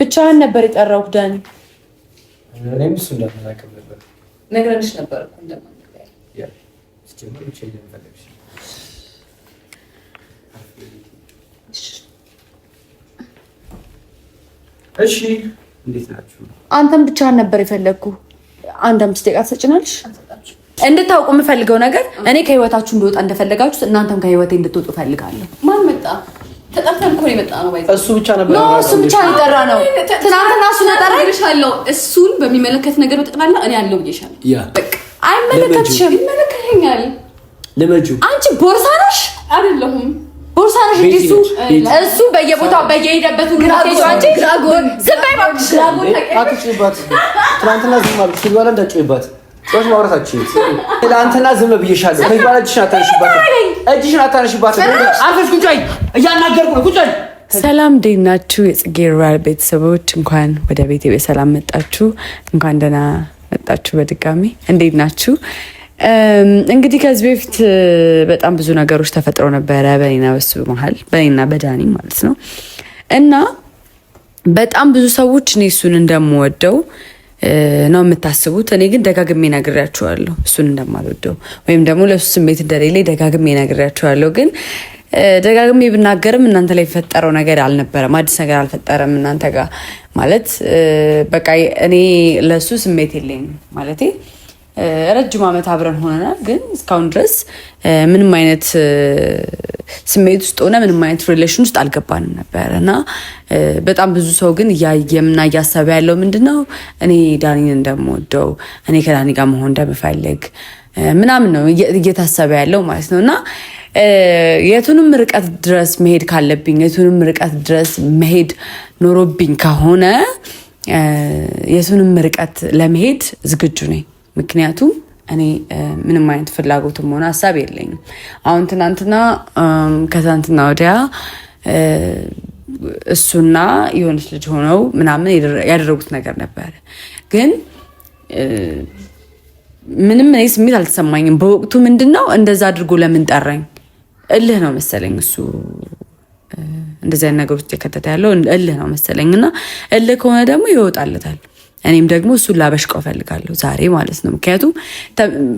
ብቻህን ነበር የጠራሁት ዳኒ። እኔም እሱ ነበር ነግረንሽ ነበር እኮ እሺ እንዴት ናችሁ? አንተም ብቻህን ነበር የፈለግኩ። አንድ አምስት ደቂቃ ትሰጭናለሽ? እንድታውቁ የምፈልገው ነገር እኔ ከህይወታችሁ እንድወጣ እንደፈለጋችሁ እናንተም ከህይወቴ እንድትወጡ እፈልጋለሁ። ማን መጣ? ተጠርተን እኮ ነው የመጣ ነው። እሱ ብቻ ነበር ነው እሱ ብቻ ይጠራ ነው። ትናንትና ነጠራ ይሻለው እሱን በሚመለከት ነገር በጠቅላላ እኔ አለው ብዬሻለሁ። በቃ አይመለከትሽም። ይመለከተኛል። ልመጁ አንቺ ቦርሳ ነሽ አይደለሁም ቦርሳ ነሽ። እሱ እሱ በየቦታው በየሄደበት ግራ አንቺ ግራ ግራጎን ዝም በይ እባክሽ። ትናንትና ዝም አልኩሽ። እንዳትጮይባት ጮሽ ማውራታችን ለአንተና ዝም ብዬሻለሁ። ከይባላ እጅሽን አታነሽባት፣ እጅሽን አታነሽባት። አንተሽ ቁጭ በይ፣ እያናገርኩ ነው። ቁጭ በይ። ሰላም እንዴት ናችሁ? የጽጌ ሮያል ቤተሰቦች እንኳን ወደ ቤቴ በሰላም መጣችሁ። እንኳን ደህና መጣችሁ በድጋሚ። እንዴት ናችሁ? እንግዲህ ከዚህ በፊት በጣም ብዙ ነገሮች ተፈጥሮ ነበረ በኔና በሱ መሀል፣ በኔና በዳኒ ማለት ነው እና በጣም ብዙ ሰዎች እኔ እሱን እንደምወደው ነው የምታስቡት። እኔ ግን ደጋግሜ ነግሬያቸዋለሁ እሱን እንደማልወደው ወይም ደግሞ ለሱ ስሜት እንደሌለ ደጋግሜ ነግሬያቸዋለሁ። ግን ደጋግሜ ብናገርም እናንተ ላይ የፈጠረው ነገር አልነበረም፣ አዲስ ነገር አልፈጠረም እናንተ ጋር ማለት በቃ እኔ ለሱ ስሜት የለኝም ማለቴ ረጅም ዓመት አብረን ሆነናል፣ ግን እስካሁን ድረስ ምንም አይነት ስሜት ውስጥ ሆነ ምንም አይነት ሪሌሽን ውስጥ አልገባንም ነበር እና በጣም ብዙ ሰው ግን እያየምና እያሰበ ያለው ምንድን ነው እኔ ዳኒን እንደምወደው እኔ ከዳኒ ጋር መሆን እንደምፈልግ ምናምን ነው እየታሰበ ያለው ማለት ነው እና የቱንም ርቀት ድረስ መሄድ ካለብኝ የቱንም ርቀት ድረስ መሄድ ኖሮብኝ ከሆነ የቱንም ርቀት ለመሄድ ዝግጁ ነኝ። ምክንያቱም እኔ ምንም አይነት ፍላጎትም ሆነ ሀሳብ የለኝም። አሁን ትናንትና ከትናንትና ወዲያ እሱና የሆነች ልጅ ሆነው ምናምን ያደረጉት ነገር ነበረ። ግን ምንም እኔ ስሜት አልተሰማኝም በወቅቱ። ምንድን ነው እንደዛ አድርጎ ለምን ጠራኝ? እልህ ነው መሰለኝ እሱ እንደዚህ አይነት ነገር ውስጥ የከተተ ያለው እልህ ነው መሰለኝ። እና እልህ ከሆነ ደግሞ ይወጣለታል እኔም ደግሞ እሱን ላበሽቀው እፈልጋለሁ ዛሬ ማለት ነው። ምክንያቱም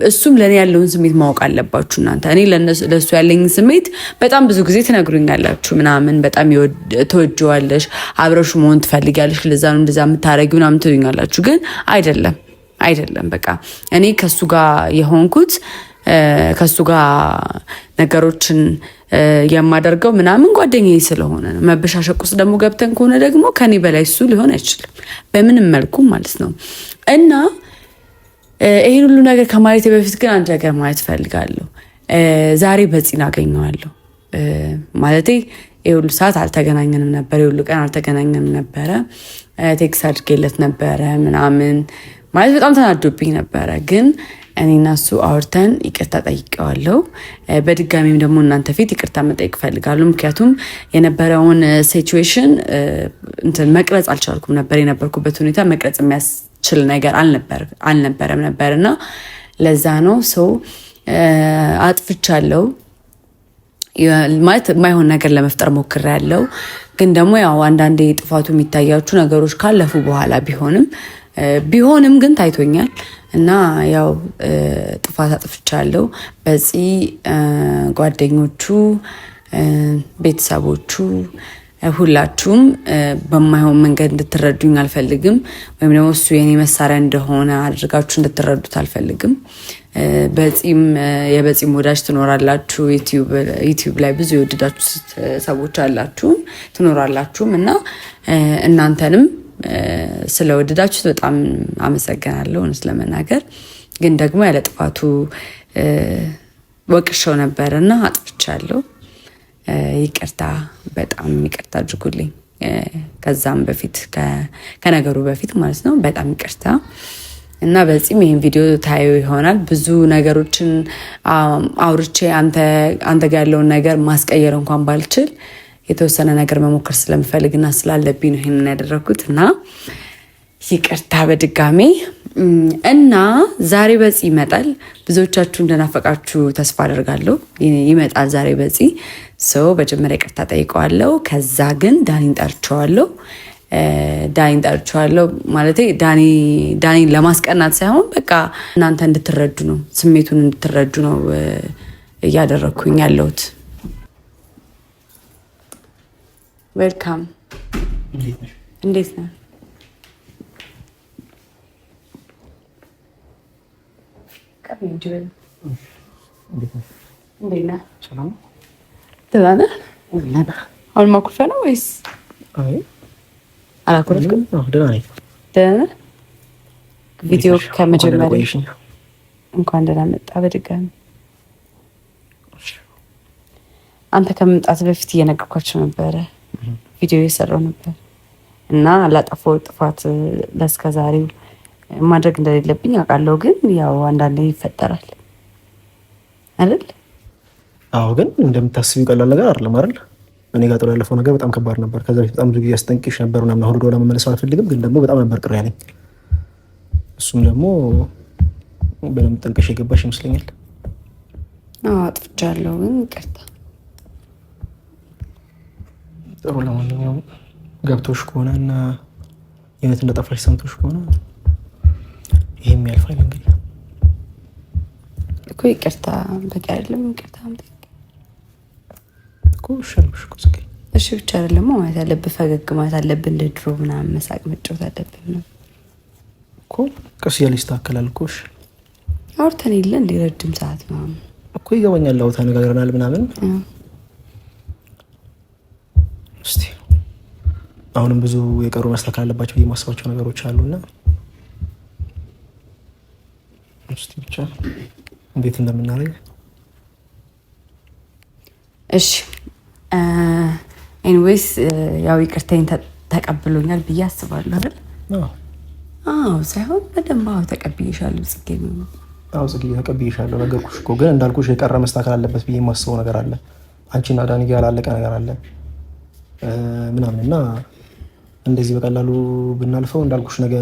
እሱም ለእኔ ያለውን ስሜት ማወቅ አለባችሁ እናንተ። እኔ ለእሱ ያለኝ ስሜት በጣም ብዙ ጊዜ ትነግሩኛላችሁ ምናምን፣ በጣም ተወጅዋለሽ፣ አብረሹ መሆን ትፈልጊያለሽ፣ ለዛ ነው እንደዛ የምታደረጊ ምናምን ትሉኛላችሁ። ግን አይደለም አይደለም። በቃ እኔ ከእሱ ጋር የሆንኩት ከሱ ጋር ነገሮችን የማደርገው ምናምን ጓደኛ ስለሆነ ነው። መበሻሸቅ ውስጥ ደግሞ ገብተን ከሆነ ደግሞ ከኔ በላይ እሱ ሊሆን አይችልም፣ በምንም መልኩ ማለት ነው። እና ይህን ሁሉ ነገር ከማለቴ በፊት ግን አንድ ነገር ማለት እፈልጋለሁ። ዛሬ በፂን አገኘዋለሁ ማለቴ የሁሉ ሰዓት አልተገናኘንም ነበር፣ የሁሉ ቀን አልተገናኘንም ነበረ። ቴክስ አድርጌለት ነበረ ምናምን ማለት በጣም ተናዶብኝ ነበረ ግን እኔና እሱ አውርተን ይቅርታ ጠይቀዋለሁ። በድጋሚም ደግሞ እናንተ ፊት ይቅርታ መጠየቅ እፈልጋለሁ። ምክንያቱም የነበረውን ሲቹዌሽን እንትን መቅረጽ አልቻልኩም ነበር። የነበርኩበት ሁኔታ መቅረጽ የሚያስችል ነገር አልነበረም ነበር እና ለዛ ነው ሰው አጥፍቻለሁ ማለት የማይሆን ነገር ለመፍጠር ያለው ግን ደግሞ ያው አንዳንዴ ጥፋቱ የሚታያችሁ ነገሮች ካለፉ በኋላ ቢሆንም ቢሆንም ግን ታይቶኛል እና ያው ጥፋት አጥፍቻለሁ። በፂ ጓደኞቹ፣ ቤተሰቦቹ ሁላችሁም በማይሆን መንገድ እንድትረዱኝ አልፈልግም። ወይም ደግሞ እሱ የኔ መሳሪያ እንደሆነ አድርጋችሁ እንድትረዱት አልፈልግም። በፂም የበፂም ወዳጅ ትኖራላችሁ፣ ዩቲዩብ ላይ ብዙ የወደዳችሁ ሰዎች አላችሁም ትኖራላችሁም እና እናንተንም ስለወደዳችሁት በጣም አመሰግናለሁ። እውነት ለመናገር ግን ደግሞ ያለ ጥፋቱ ወቅሸው ነበር እና አጥፍቻለሁ። ይቅርታ፣ በጣም ይቅርታ አድርጉልኝ። ከዛም በፊት ከነገሩ በፊት ማለት ነው። በጣም ይቅርታ እና በዚህም ይህን ቪዲዮ ታየው ይሆናል። ብዙ ነገሮችን አውርቼ አንተ ጋር ያለውን ነገር ማስቀየር እንኳን ባልችል የተወሰነ ነገር መሞከር ስለምፈልግና ስላለብኝ ነው ይህንን ያደረግኩት እና ይቅርታ በድጋሜ እና ዛሬ በፂ ይመጣል። ብዙዎቻችሁ እንደናፈቃችሁ ተስፋ አደርጋለሁ። ይመጣል ዛሬ በፂ ሰው መጀመሪያ ይቅርታ ጠይቀዋለሁ። ከዛ ግን ዳኒን ጠርቸዋለሁ። ዳኒን ጠርቸዋለሁ ማለት ዳኒን ለማስቀናት ሳይሆን በቃ እናንተ እንድትረዱ ነው፣ ስሜቱን እንድትረዱ ነው እያደረግኩኝ ያለሁት። ዌልካም። እንዴት ነህ? አሁን ማኩርፊያ ነው ወይስ አላኩረፍክም? ቪዲዮ ከመጀመሪያ እንኳን ደህና መጣ በድጋሚ አንተ ከመምጣት በፊት እየነገርኳቸው ነበረ ቪዲዮ የሰራው ነበር እና ላጠፋው ጥፋት ለእስከዛሬው ማድረግ እንደሌለብኝ አውቃለሁ። ግን ያው አንዳንዴ ይፈጠራል አይደል? አዎ። ግን እንደምታስቢው ቀላል ነገር አይደለም አይደል? እኔ ጋር ያለፈው ነገር በጣም ከባድ ነበር። ከዛ በፊት በጣም ብዙ ጊዜ አስጠንቅሽ ነበር ምናምን። አሁን ወደኋላ መመለስ አልፈልግም፣ ግን ደግሞ በጣም ነበር ቅር ያለኝ። እሱም ደግሞ በደምብ ጠንቅሽ የገባሽ ይመስለኛል። አጥፍቻለሁ፣ ግን ይቅርታ ጥሩ ለማንኛውም ገብቶች ከሆነ እና የእውነት እንደጠፋሽ ሰምቶች ከሆነ ይሄም ያልፋል። እንግዲህ እኮ ይቅርታ በቂ አይደለም። ይቅርታ እሺ ብቻ አይደለም ማለት ያለብህ ፈገግ ማለት አለብህ። እንደ ድሮ ምናምን መሳቅ መጫወት አለብህ ነው እኮ ቀስ እያለ ይስተካከላል እኮ። እሺ አውርተን የለ እንደ ረጅም ሰዓት ምናምን እኮ ይገባኛል። አዎ ተነጋግረናል ምናምን እስቲ አሁንም ብዙ የቀሩ መስተካከል አለባቸው ብዬ የማስባቸው ነገሮች አሉና እስቲ ብቻ እንዴት እንደምናደርግ እሺ። ኤኒዌይስ ያው ይቅርታዬን ተቀብሎኛል ብዬ አስባለሁ አይደል? አዎ ሳይሆን በደንብ አዎ ተቀብዬሻለሁ። ጽጌ ነው ጽጌ ተቀብዬሻለሁ። ነገርኩሽ እኮ ግን እንዳልኩሽ የቀረ መስተካከል አለበት ብዬ የማስበው ነገር አለ። አንቺና ዳኒ ጋር ያላለቀ ነገር አለ ምናምን እና እንደዚህ በቀላሉ ብናልፈው እንዳልኩሽ ነገ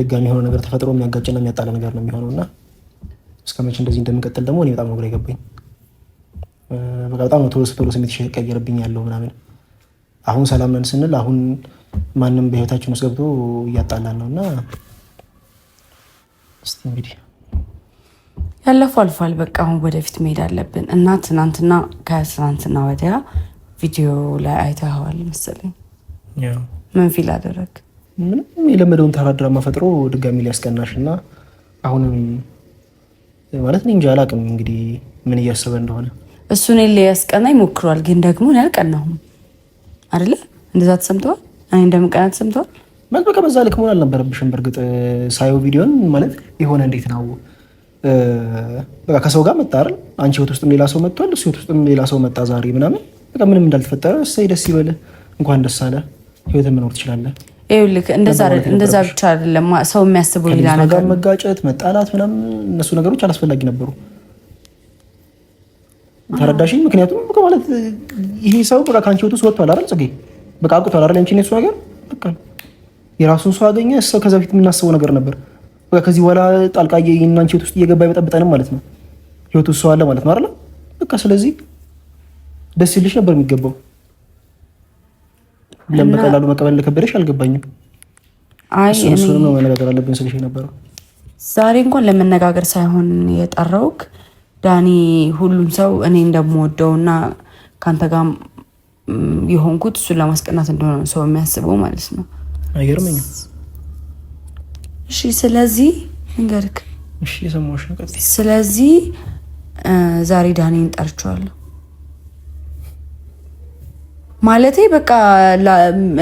ድጋሚ የሆነ ነገር ተፈጥሮ የሚያጋጭና የሚያጣላ ነገር ነው የሚሆነው እና እስከ መቼ እንደዚህ እንደምንቀጥል ደግሞ እኔ በጣም ነው ግራ የገባኝ። በጣም ነው ቶሎ ቶሎ ስሜት ይቀየርብኝ ያለው ምናምን። አሁን ሰላም ነን ስንል አሁን ማንም በህይወታችን ውስጥ ገብቶ እያጣላን ነው እና እንግዲህ ያለፈው አልፏል። በቃ አሁን ወደፊት መሄድ አለብን እና ትናንትና ከትናንትና ወዲያ ቪዲዮ ላይ አይተኸዋል መሰለኝ። ምን ፊል አደረግ? ምንም የለመደውን ተራ ድራማ ፈጥሮ ድጋሚ ሊያስቀናሽ እና አሁንም ማለት እኔ እንጂ አላቅም እንግዲህ ምን እያሰበ እንደሆነ እሱ እኔን ሊያስቀናኝ ሞክሯል፣ ግን ደግሞ እኔ አልቀናሁም አይደለ? እንደዛ ተሰምተዋል። እኔ እንደምቀና ተሰምተዋል። ማለት በቃ በዛ ልክ መሆን አልነበረብሽም። በእርግጥ ሳየው ቪዲዮን ማለት የሆነ እንዴት ነው በቃ ከሰው ጋር መጣ አይደል? አንቺ ህይወት ውስጥም ሌላ ሰው መጥቷል፣ እሱ ህይወት ውስጥም ሌላ ሰው መጣ ዛሬ ምናምን በቃ ምንም እንዳልተፈጠረ እሰይ ደስ ይበል፣ እንኳን ደስ አለ፣ ህይወት መኖር ትችላለህ። ይኸውልህ እንደዛ ብቻ አይደለም ሰው የሚያስበው ሌላ ነገር፣ መጋጨት፣ መጣላት ምናምን እነሱ ነገሮች አላስፈላጊ ነበሩ። ተረዳሽኝ? ምክንያቱም ማለት ይሄ ሰው በቃ ከአንቺ ህይወት ውስጥ ወጥቷል አይደል? ፅጌ በቃ አቁቷል አይደል? አንቺን የእሱ ነገር በቃ የራሱን ሰው አገኘ። ሰው ከዛ በፊት የምናስበው ነገር ነበር። በቃ ከዚህ በኋላ ጣልቃ የእናንቺ ህይወት ውስጥ እየገባ አይበጠብጠንም ማለት ነው። ህይወት ውስጥ ሰው አለ ማለት ነው አይደል? በቃ ስለዚህ ደስ ይልሽ ነበር የሚገባው። ለምን በቀላሉ መቀበል ለከበደሽ አልገባኝም። እሱንም ነው መነጋገር አለብን ስልሽ ነበረው። ዛሬ እንኳን ለመነጋገር ሳይሆን የጠራውክ ዳኒ፣ ሁሉም ሰው እኔ እና ከአንተ ጋር የሆንኩት እሱን ለማስቀናት እንደሆነ ሰው የሚያስበው ማለት ነው። እሺ፣ ስለዚህ ንገርክ። ስለዚህ ዛሬ ዳኒን ጠርቸዋለሁ። ማለቴ በቃ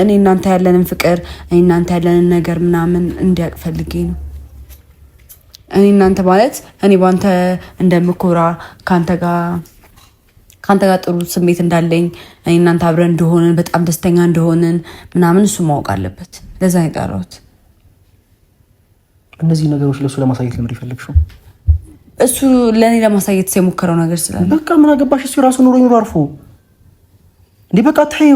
እኔ እናንተ ያለንን ፍቅር እኔ እናንተ ያለንን ነገር ምናምን እንዲያውቅ ፈልጌ ነው። እኔ እናንተ ማለት እኔ በአንተ እንደምኮራ ከአንተ ጋር ከአንተ ጋር ጥሩ ስሜት እንዳለኝ እኔ እናንተ አብረን እንደሆንን በጣም ደስተኛ እንደሆንን ምናምን እሱ ማወቅ አለበት። ለዛ ነው የጠራሁት። እነዚህ ነገሮች ለእሱ ለማሳየት ልምድ የፈለግሽው እሱ ለእኔ ለማሳየት የሞከረው ነገር ስላለ በቃ ምን አገባሽ? እሱ የራሱ ኑሮ ይኑሮ አርፎ እንዴ በቃ ታዩ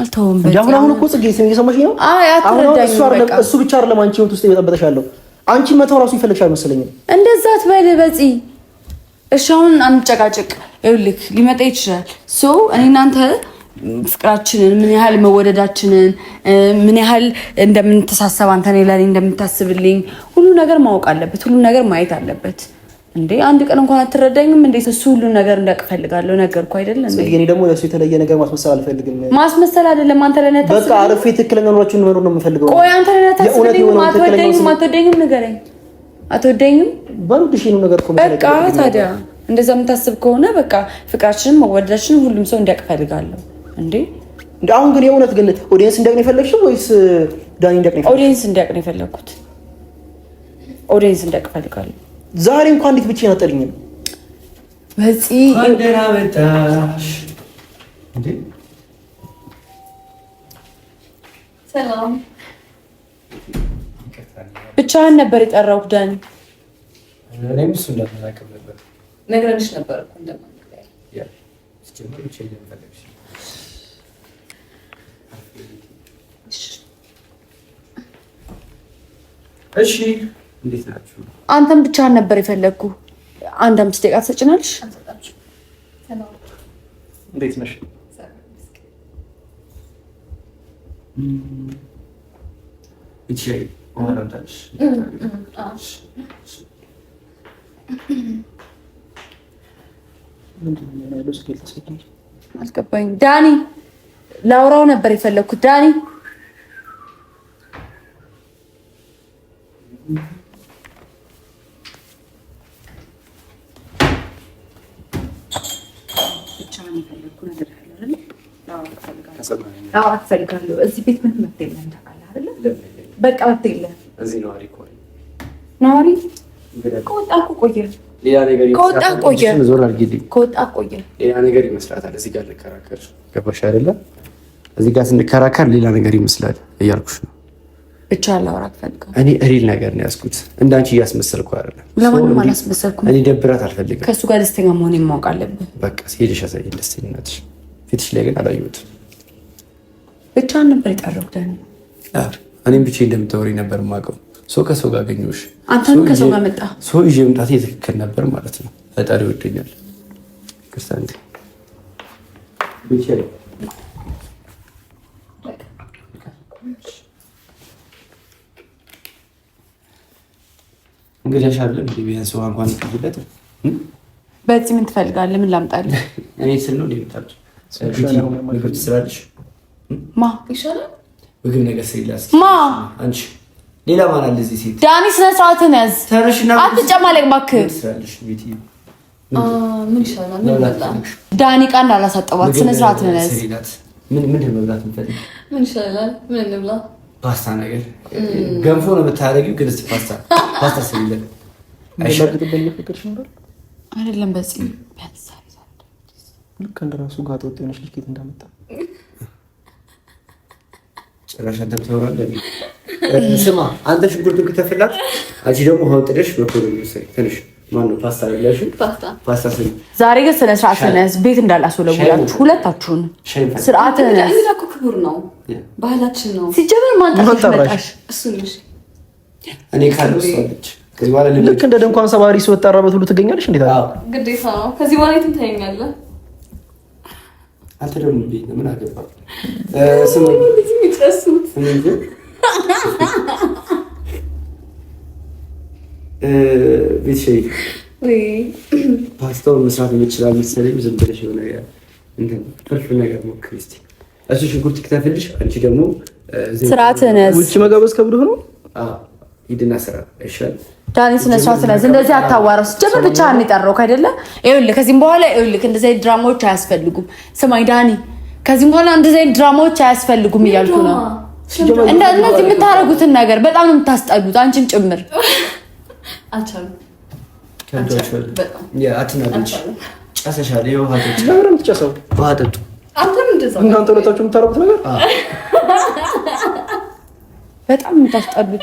አልተውም። በቃ አሁን እኮ ጽጌ ስም እየሰማሽ ነው። አይ አትረዳኝ። እሱ ብቻ አይደለም አንቺ ህይወት ውስጥ እየበጠበጠሻለሁ። አንቺ መተው ራሱ ይፈልግሻል መሰለኝ። እንደዛ አትበል በፂ። እሺ አሁን አንጨቃጭቅ። ይኸውልህ ሊመጣ ይችላል። ሶ እኔ እናንተ ፍቅራችንን ምን ያህል መወደዳችንን ምን ያህል እንደምንተሳሰብ አንተ ለእኔ እንደምታስብልኝ ሁሉ ነገር ማወቅ አለበት። ሁሉ ነገር ማየት አለበት። እንዴ አንድ ቀን እንኳን አትረዳኝም እንዴ? እሱ ሁሉን ነገር እንዳቅ ፈልጋለሁ። ነገርኩ አይደለ? እኔ ደግሞ ለሱ የተለየ ነገር ማስመሰል አልፈልግም። ማስመሰል አይደለም። አንተ ለነታ በቃ አረፍ ትክክለኛ ኑሯችሁን መኖር ነው የምፈልገው። ቆይ አንተ ለነታ ስለኝ አትወደኝም፣ አትወደኝም ንገረኝ። አትወደኝም ባሉድሽ ነው ነገር እኮ በቃ ታዲያ እንደዛ የምታስብ ከሆነ በቃ ፍቅራችንን መወደዳችንን ሁሉም ሰው እንዲያቅ ፈልጋለሁ። እንዴ አሁን ግን የእውነት ግን ኦዲየንስ እንዲያቅ ነው የፈለግሽው ወይስ ዳኒ እንዲያቅ ነው የፈለግሽው? ኦዲየንስ እንዲያቅ ነው የፈለግኩት። ኦዲየንስ እንዲያቅ ፈልጋለሁ ዛሬ እንኳን እንዴት ብቻዬን አጠልኝም። በዚህ ደህና መጣሽ። ብቻህን ነበር የጠራሁህ ዳኒ። እኔም እሱ እንዳናቅም ነበር ነግረንሽ ነበር እኮ እሺ አንተም ብቻ ነበር የፈለግኩ። አንድ አምስት ደቂቃ ትሰጭናለሽ? እንዴት ነሽ? ዳኒ ላውራው ነበር የፈለግኩት ዳኒ ትፈልጋለህ? እዚህ ቤት ምንም መብት የለህም ታውቃለህ በቃ መብት የለህም። ነዋሪ ከወጣህ እኮ ቆየህ፣ ከወጣህ ቆየህ፣ ከወጣህ ቆየህ። ሌላ ነገር ይመስላታል። እዚህ ጋር ልከራከር ገባሽ አይደለ? እዚህ ጋር ስንከራከር ሌላ ነገር ይመስላል እያልኩሽ ነው። ብቻ ላወራት ፈልገው እኔ ሪል ነገር ነው እንዳንቺ እያስመሰልኩ አይደለም። ለማንም አላስመሰልኩም። እኔ ደብራት አልፈልግም። ከእሱ ጋር ደስተኛ መሆን አለብን። በቃ ደስተኝነትሽ። ፊትሽ ላይ ግን አላየሁትም። ብቻን ነበር የጠረኩትን። እኔም ብቻ እንደምታወሪ ነበር የማውቀው። ሰው ከሰው ጋር አገኘሁሽ፣ አንተም ከሰው ጋር መጣ። ሰው ይዤ መምጣት የትክክል ነበር ማለት ነው። ፈጣሪ ወደኛል። እንግዲህ ሻለ ቢያንስ ውሃ እንኳን ትለት በዚህ ምን ትፈልጋለህ? ምን ላምጣልህ? እኔ ስል ነው ሊምጣል ስላለሽ ማ ይሻላል? ምግብ ነገር ስሪላት። ማ አንቺ ሌላ ማን አለ እዚህ? ሴት ዳኒ፣ ስነ ስርዓትን ያዝ። አትጨማለቅ እባክህ። ዳኒ፣ ቃል አላሳጠባት። ስነ ስርዓትን ያዝ። ምንድን መብላት የምፈልግ? ምን ይሻላል? ምን እንብላ? ፓስታ ነገር ገንፎ ነው የምታደርጊው? ግን እስኪ ፓስታ ፓስታ ስሪለት። አይደለም በዚህ ልክ እንደራሱ ጋጠ የሆነች ልጅ እንዳመጣ ጭራሽ አንተ ስማ አንተ ሽንኩርቱን ክተፍላት፣ አንቺ ደግሞ ውሃውን ጥደሽ መኮረኒ ውሰሪ። ትንሽ ማነው ፓስታ ፓስታ ዛሬ ግን ስነ ስርዓት ስነስ ቤት እንዳላስወለውላችሁ ሁለታችሁን ስርዓት ክቡር ነው፣ ባህላችን ነው። ሲጀምር ማንጠራሽ እሱ እኔ ልክ እንደ ድንኳን ሰባሪ ስወጣራበት ሁሉ ትገኛለሽ። እንዴት ግዴታ ነው። ከዚህ በኋላ የትም ታየኛለህ አንተ ደግሞ እንዴት ነው? ምን አገባህ? ፓስታውን መስራት የምችላል መሰለኝ። ዝም ብለሽ የሆነ ትርፍ ነገር ሞክሪ እስኪ። እሱ ሽንኩርት ክተፍልሽ፣ አንቺ ደግሞ ውጭ መጋበዝ ከብዶ ሆኖ ሂድና ስራ ዳኒ ስነ ስርዓት ስለያዝ እንደዚህ አታዋራው። ስትጀምር ብቻ የጠራሁህ አይደለ? ይኸውልህ ከዚህም በኋላ ይኸውልህ እንደዚህ አይነት ድራማዎች አያስፈልጉም። ስማኝ ዳኒ፣ ከዚህም በኋላ እንደዚህ አይነት ድራማዎች አያስፈልጉም እያልኩ ነው። እንደዚህ የምታደርጉትን ነገር በጣም ነው የምታስጠሉት፣ አንቺም ጭምር በጣም የምታስጠሉት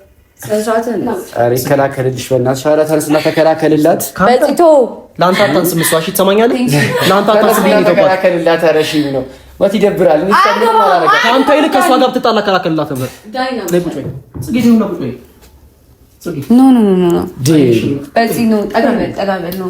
ኧረ ይከላከልልሽ በእናትሽ። ኧረ ተነስና ተከላከልላት። በጽቶ ለአንተ አታንስም፣ እሷ እሺ ትሰማኛለህ? ለአንተ አታንስም ተከላከልላት። ኧረ እሺ ነው ወት ይደብራል። ከአንተ ይልቅ እሷ ጋር ብትጣላ ከላከልላት ነበር። ኖ ኖ ኖ ኖ በዚህ ነው ጠጋ በል ጠጋ በል ነው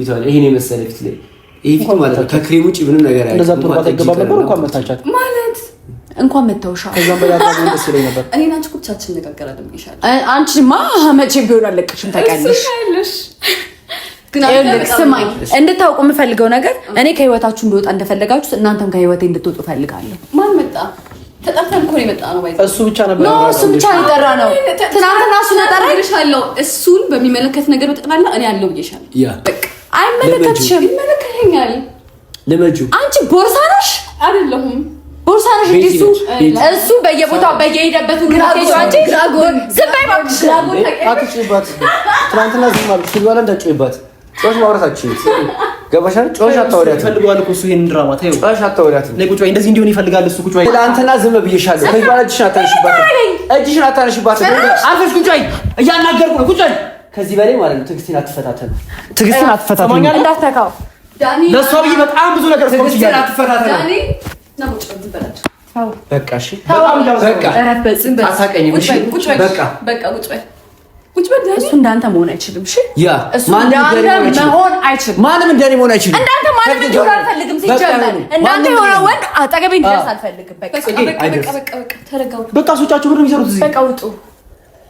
ፊቷ ይሄን የመሰለ ፊት ላይ ይሄ ፊት ማለት ነው። ከክሬም ውጭ ምንም ነገር ያለ እንደዛ ቱርባ ተገባ ነበር። እንኳን መታቻት ማለት እንኳን መታውሻ። ከዛም በላይ ደስ ይለኝ ነበር። እኔና ናችሁ ቁብቻችን እንነጋገራለን ይሻል። አንቺማ መቼም ቢሆን አለቅሽም ታውቂያለሽ። ስማኝ እንድታውቁ የምፈልገው ነገር እኔ ከህይወታችሁ እንደወጣ እንደፈለጋችሁት እናንተም ከህይወቴ እንድትወጡ ፈልጋለሁ። ማን መጣ? ተጠርተን እኮ ነው የመጣነው። እሱ ብቻ ነበር ነው እሱ ብቻ ነው የጠራነው። ትናንትና እሱን ጠራ እሱን በሚመለከት ነገር በጠቅላላ እኔ አለው ብዬሻለሁ። አይመለከትሽም። ይመለከተኛል። ልመጁ አንቺ ቦርሳ ነሽ አይደለሁም ቦርሳ ነሽ። እሱ እሱ በየቦታው በየሄደበት ግራ አንቺ ዝም በይ እባክሽ። አትጩይባት። ትናንትና ዝም አልኩሽ በኋላ እንዳትጩይባት። ጮሽ ማውራታችን ገባሽ ጮሽ አታወሪያትም። ፈልጓል እኮ እሱ ድራማ ታዩ። ጮሽ አታወሪያትም። ነይ ቁጭ በይ። እንደዚህ እንዲሆን ይፈልጋል እሱ። ቁጭ በይ። ዝም ብዬሻለሁ። ከዚህ በኋላ እጅሽን እጅሽን አርፈሽ ቁጭ በይ። እያናገርኩ ነው። ቁጭ በይ ከዚህ በላይ ማለት ነው። ትዕግስትን አትፈታተኑ፣ ትዕግስትን አትፈታተኑ። ለእሷ ብዬ በጣም ብዙ ነገር በቃ እሺ፣ ቁጭ እሱ እንዳንተ መሆን አይችልም። እሺ ያ መሆን አይችልም። ማንም እንደኔ መሆን አይችልም። እንዳንተ ማንም እንደሆነ አልፈልግም። ሲጀመር እንዳንተ የሆነ ወንድ አጠገቤ እንዲደርስ አልፈልግም። በቃ በቃ በቃ በቃ ተረጋጉ። በቃ ሶቻችሁ ምንም ይሰሩት እዚህ በቃ ውጡ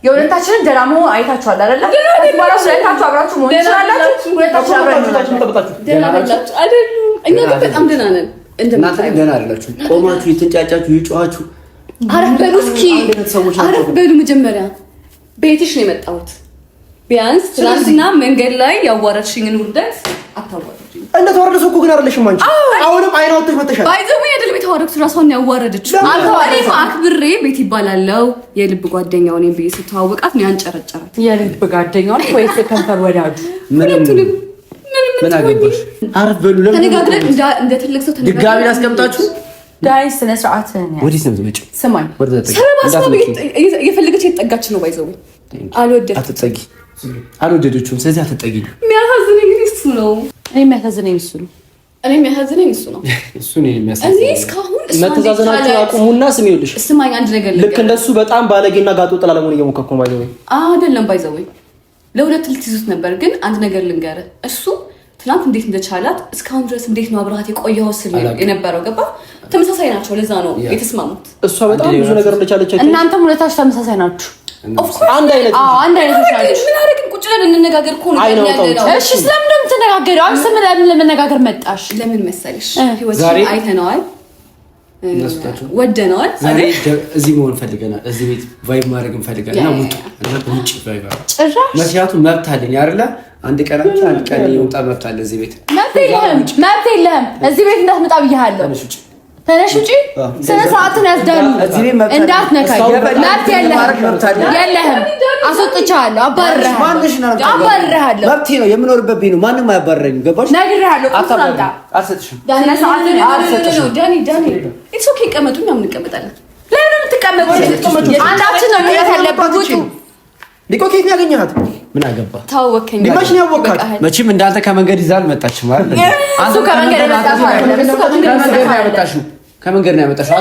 የሁለታችንን ደራሞ አይታችኋል አይደለ? ሁለታችሁ አብራችሁ መሆን ትችላላችሁ። ሁለታችሁ በጣም ደህና ነን። እናንተ ደህና አይደላችሁ። ቆማችሁ የተንጫጫችሁ የጨዋችሁ። አረፍ በሉ እስኪ አረፍ በሉ። መጀመሪያ ቤትሽ ነው የመጣሁት። ቢያንስ ትናንትና መንገድ ላይ ያዋረድሽኝን ውርደት አታዋል እንደተዋረደሽ እኮ ግን አይደለሽም አንቺ። አሁንም አይን አውጥተሽ መተሻል። ባይዘው አይደለም የተዋረድኩት ራሷን ያዋረደችው። እኔም አክብሬ ቤት ይባላለው የልብ ጓደኛው እኔም ብዬ ስተዋወቃት ነው ያንጨረጨራት። የልብ ጓደኛው ነው ወይስ የከንፈር ወዳጁ? ምንም ምን እንደ አስቀምጣችሁ ዳይስ ስነ ስርዓት ስም ዝመጭ ስማኝ፣ ነው ባይዘው አልወደድ አትጠጊ ስለዚህ አትጠጊ። የሚያሳዝን እንግዲህ ነው። እኔ የሚያሳዝነኝ እሱ ነው። እኔ የሚያሳዝነኝ እሱ ነው። እሱ ነው የሚያሳዝነኝ። እስካሁን መተዛዘናችሁን አቁሙና አንድ ነገር ልክ እንደሱ በጣም ባለጌና ላለመሆን እየሞከርኩ ነው። ባይዘወይ አይደለም ባይዘወይ ለሁለት ልትይዙት ነበር። ግን አንድ ነገር ልንገርህ፣ እሱ ትናንት እንዴት እንደቻላት እስካሁን ድረስ እንዴት ነው አብረሃት የቆየው ስል የነበረው ገባ። ተመሳሳይ ናቸው። ለዛ ነው የተስማሙት። እሷ በጣም ብዙ ነገር እንደቻለች፣ እናንተም ሁለታችሁ ተመሳሳይ ናችሁ። አንድ አይነት አንድ አይነት ምን ቁጭ ብለን እንነጋገር ነው ያለው። እሺ ስለምን አሁን ለምን ለመነጋገር መጣሽ? ለምን መሰለሽ ህይወትሽን አይተነዋል፣ ወደነዋል። ዛሬ እዚህ መሆን ፈልገናል፣ እዚህ ቤት ቫይብ ማድረግ እንፈልጋለን። እና ቫይብ ምክንያቱም መብት አለኝ አይደለ? አንድ ቀን አንድ ቀን የመምጣት መብት አለ እዚህ ቤት። መብት የለህም፣ መብት የለህም። እዚህ ቤት እንዳትመጣ ብያለሁ። ተነሽ ውጪ። ስነ ሰዓትን ያስዳሉ። እንዳትነካ መብት የለህም። አስወጥቻለሁ። አባርርሃለሁ። መብቴ ነው የምኖርበት ቤት ነው። ማንም አያባርረኝም። ገባሽ? ነግሬሃለሁ። ቀመጡ። እኛም እንቀመጣለን። ለምን የምትቀመጡት? አንዳችን ነው ያለበት። ውጡ። ሊቆ ያገኘሃት ምን አገባ ታወከኝ። ዲማሽ ነው ያወቃት። መቼም እንዳንተ ከመንገድ ይዛል መጣች ማለት ነው። አንተ ከመንገድ ያመጣሽው ከመንገድ ነው ያመጣሽው።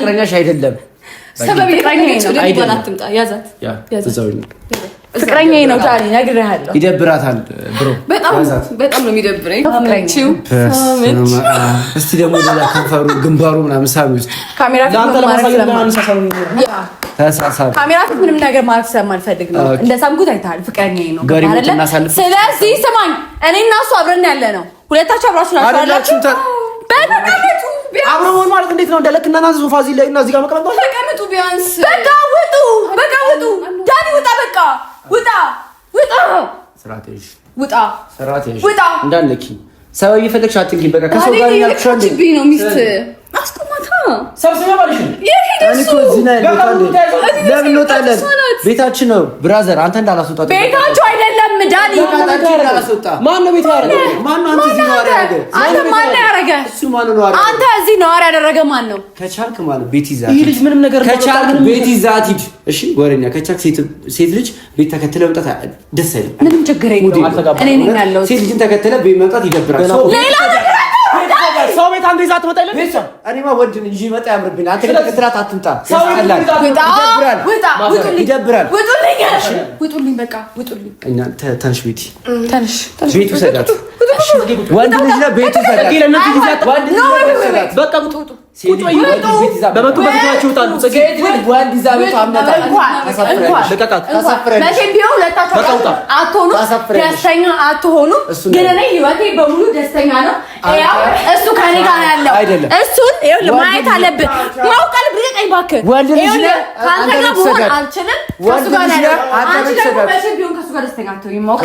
ፍቅረኛሽ አይደለም ፍቅረኛ ነው ዳኒ፣ እነግርሃለሁ። ይደብራታል ብሮ በጣም ነው የሚደብረኝ። እስቲ ደግሞ ከንፈሩ ግንባሩ ምናምን ሳሚ ውስጥ ካሜራ ካሜራ ፊት ምንም ነገር ማለት ስለማልፈልግ ነው። እንደ ሳምኩት አይተሃል፣ ፍቅረኛ ነው። ስለዚህ ስማኝ፣ እኔ እና እሱ አብረን ያለ ነው። ሁለታችሁ አብራችሁ ናችሁ አላችሁ። አብረ መሆን ማለት እንዴት ነው? እንደ ልክ እናንተ ሶፋ እዚህ ላይ እና እዚህ ጋር መቀመጥ ነው። ተቀምጡ፣ ቢያንስ በቃ ውጡ፣ በቃ ውጡ። ዳኒ ውጣ፣ በቃ ውጣ፣ ውጣ፣ ስራቴሽ ውጣ፣ ስራቴሽ ውጣ። እንዳልክ ሰው እየፈለግሽ አትንኪ። በቃ ከሰው ጋር ያልቻለ ነው ሚስት ሰብስበ ማለት ነው። ቤታችን ነው ብራዘር፣ አንተ እንዳላስወጣ ቤታችሁ አይደለም ዳኒ። አንተ እዚህ ነዋሪ ያደረገ ማን ነው? ከቻልክ ማለት ቤት ይህ ልጅ ምንም ነገር ከቻልክ ቤት ሂድ። እሺ ወሬኛ ከቻልክ ሴት ልጅ ቤት ተከትለ መምጣት ደስ አይልም። ምንም ችግር የለውም። ሴት ልጅን ተከትለ ቤት መምጣት ይደብራል። አንተ ይዛ ትመጣለህ። የለም። እኔማ ወንድ እንጂ መጣ ያምርብኝ። አንተ ግን አትምጣ። ይደብራል። ውጡልኝ፣ በቃ ውጡልኝ። ተንሽ ቤቲ፣ ተንሽ ቤቱ ሰጋት፣ ወንድ ልጅ ቤቱ ሰዳት። በቃ ውጡ፣ ውጡ በመቶ በፊታችሁ ይወጣሉ። ደስተኛ አትሆኑም። ግን እኔ ህይወቴ በሙሉ ደስተኛ ነው። እሱ ከኔ ጋር ያለው እሱን ማየት አለብን። ማውቃል ብቀኝ እባክህ ከአንተ ጋር መሆን አልችልም። ከእሱ ጋር ያለው አንቺ ደግሞ መቼም ቢሆን ከእሱ ጋር ደስተኛ አትሆኝም። ኦኬ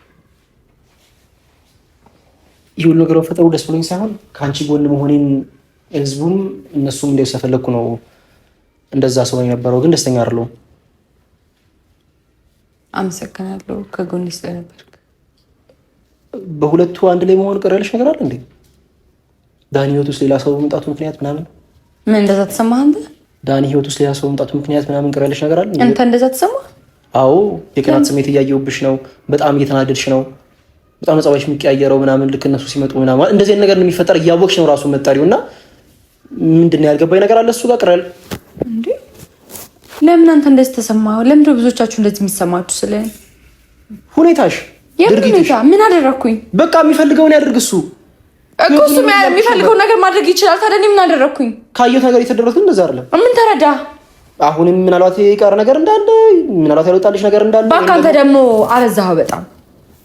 ይህ ሁሉ ነገር መፈጠሩ ደስ ብሎኝ ሳይሆን ከአንቺ ጎን መሆኔን ህዝቡም እነሱም እንደ ስለፈለግኩ ነው እንደዛ ሰው የነበረው ግን ደስተኛ አይደለሁም። አመሰግናለሁ ከጎን ስለነበርክ። በሁለቱ አንድ ላይ መሆን ቀረልሽ ነገር አለ እንዴ? ዳኒ ህይወት ውስጥ ሌላ ሰው መምጣቱ ምክንያት ምናምን ምን እንደዛ ተሰማህ አንተ? ዳኒ ህይወት ውስጥ ሌላ ሰው መምጣቱ ምክንያት ምናምን ቀረልሽ ነገር አለ አንተ እንደዛ ተሰማህ? አዎ የቅናት ስሜት እያየሁብሽ ነው። በጣም እየተናደድሽ ነው። በጣም ነጻዎች የሚቀያየረው ምናምን ልክ እነሱ ሲመጡ ምናምን እንደዚህ ነገር የሚፈጠር እያወቅሽ ነው ራሱ መጠሪው እና ምንድን ነው ያልገባኝ ነገር አለ። እሱ ጋር ቅረል እንዴ ለምን አንተ እንደዚህ ተሰማ? ለምንድን ብዙዎቻችሁ እንደዚህ የሚሰማችሁ? ስለ ሁኔታሽ ሁኔታ ምን አደረግኩኝ? በቃ የሚፈልገውን ያደርግ እሱ እኮ እሱ የሚፈልገውን ነገር ማድረግ ይችላል። ታዲያ እኔ ምን አደረግኩኝ? ካየሁት ነገር የተደረግኩ እንደዛ አለ። ምን ተረዳ? አሁንም ምናልባት የቀረ ነገር እንዳለ ምናልባት ያልወጣልሽ ነገር እንዳለ በቃ አንተ ደግሞ አበዛኸው በጣም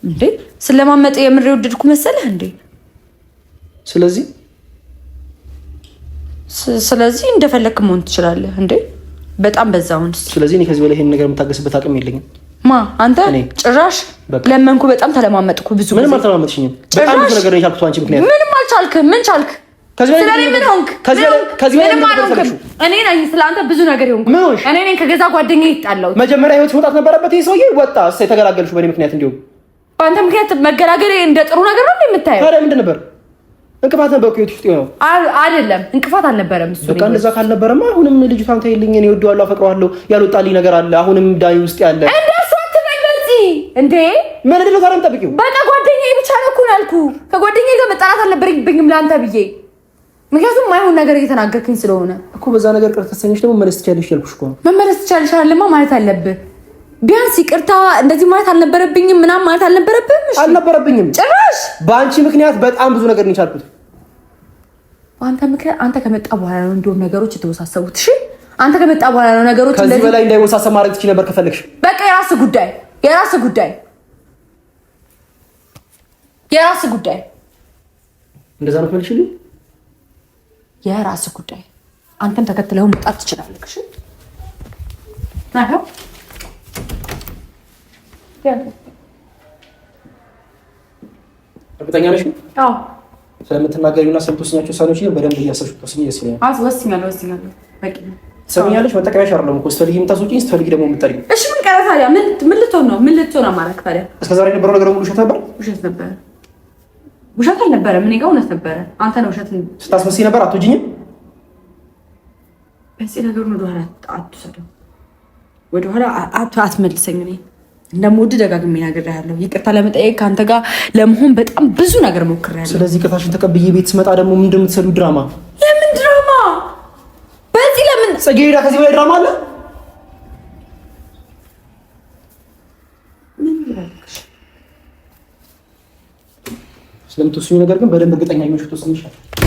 እንዴ ስለማመጠ የምሬ ወደድኩ መሰለህ እንዴ? ስለዚህ ስለዚህ እንደፈለክ መሆን ትችላለህ እንዴ? በጣም በዛውን። ስለዚህ እኔ ከዚህ በላይ ይሄን ነገር የምታገስበት አቅም የለኝም። ማ አንተ ጭራሽ ለመንኩ፣ በጣም ተለማመጥኩ። ብዙ ምንም አልተለማመጥሽኝም። በጣም ብዙ ነገር ነው የቻልኩት አንቺ ምክንያት ምንም አልቻልክም። ምን ቻልክ? እኔ ነኝ ስለአንተ ብዙ ነገር የሆንኩት። እኔ ነኝ ከገዛ ጓደኛዬ ይጣላሁት። መጀመሪያ ህይወት መውጣት ነበረበት። ይህ ሰውዬ ወጣ። የተገላገልሽው በእኔ ምክንያት እንዲሁም በአንተ ምክንያት መገላገል እንደ ጥሩ ነገር ነው የምታየው? ታዲያ ምንድን ነበር? እንቅፋት ነበር እኮ ውስጥ የሆነው አይደለም? እንቅፋት አልነበረም እሱ። በቃ እንደዛ ካልነበረማ አሁንም ልጅ ልጅቷን ተይልኝ፣ እኔ እወደዋለሁ፣ አፈቅረዋለሁ ያልወጣልኝ ነገር አለ። አሁንም ዳይ ውስጥ ያለ እንደሱ አትበል። እንዴ ምን እንደው ታረም የምጠብቂው? በቃ ጓደኛዬ ብቻ ነው እኮ ያልኩህ። ከጓደኛዬ ጋር መጣላት አልነበረብኝም ለአንተ ብዬ ምክንያቱም ማይሆን ነገር እየተናገርክኝ ስለሆነ እኮ በዛ ነገር ቅር ተሰኝሽ ደግሞ መመለስ ትቻለሽ ያልኩሽ እኮ ነው። መመለስ ትቻለሽ አለማ ማለት አለብህ ቢያንስ ይቅርታ እንደዚህ ማለት አልነበረብኝም ምናም ማለት አልነበረብኝም። እሺ አልነበረብኝም። ጭራሽ በአንቺ ምክንያት በጣም ብዙ ነገር እንቻልኩት። አንተ ምክንያት አንተ ከመጣ በኋላ ነው እንዲሁም ነገሮች የተወሳሰቡት። እሺ አንተ ከመጣ በኋላ ነው ነገሮች እንደዚህ። ከዚህ በላይ እንዳይወሳሰብ ማድረግ ትችይ ነበር ከፈለግሽ። በቃ የራስ ጉዳይ የራስ ጉዳይ የራስ ጉዳይ። እንደዛ ነው ትመልሽልኝ። የራስ ጉዳይ። አንተም ተከትለው መጣት ትችላለህ። እሺ እርግጠኛ ነሽ አዎ። ስለምትናገሪው እና ስለምትወስኛቸው ውሳኔዎች ግን በደንብ እያሰብሽ ትወስኝ ደስ ይለኛል። አዎ ወስኛለሁ፣ ወስኛለሁ። በቂ ነው። ትሰሚኛለሽ? መጠቀሚያሽ አይደለም እኮ ስትፈልጊ የምታስወጪኝ ስትፈልጊ ደግሞ የምትጠሪኝ። እሺ ምን ቀረ ታዲያ? ምን ምን ልትሆን ነው? ምን ልትሆን ነው ታዲያ? እስከ ዛሬ የነበረው ነገር ሙሉ ውሸት ነበር። ውሸት ነበር፣ ውሸት አልነበረም። እኔ ጋር እውነት ነበረ። አንተ ነው ውሸት ስታስመስይ ነበር። አትወጂኝም። በዚህ ነገር ወደኋላ አትውሰደው፣ ወደኋላ አትመልሰኝ እኔ እንደምወድ ደጋግሜ ነግሬሃለሁ። ይቅርታ ለመጠየቅ ከአንተ ጋር ለመሆን በጣም ብዙ ነገር ሞክሬያለሁ። ስለዚህ ይቅርታሽን ተቀብዬ ቤት ስመጣ ደግሞ ምንድን የምትሰሪው ድራማ? ለምን ድራማ? በዚህ ለምን ፅጌ ሄዳ ከዚህ በላይ ድራማ አለ? ስለምትወስኙ ነገር ግን በደንብ እርግጠኛ ሆነሽ ትወስኚሻለሽ።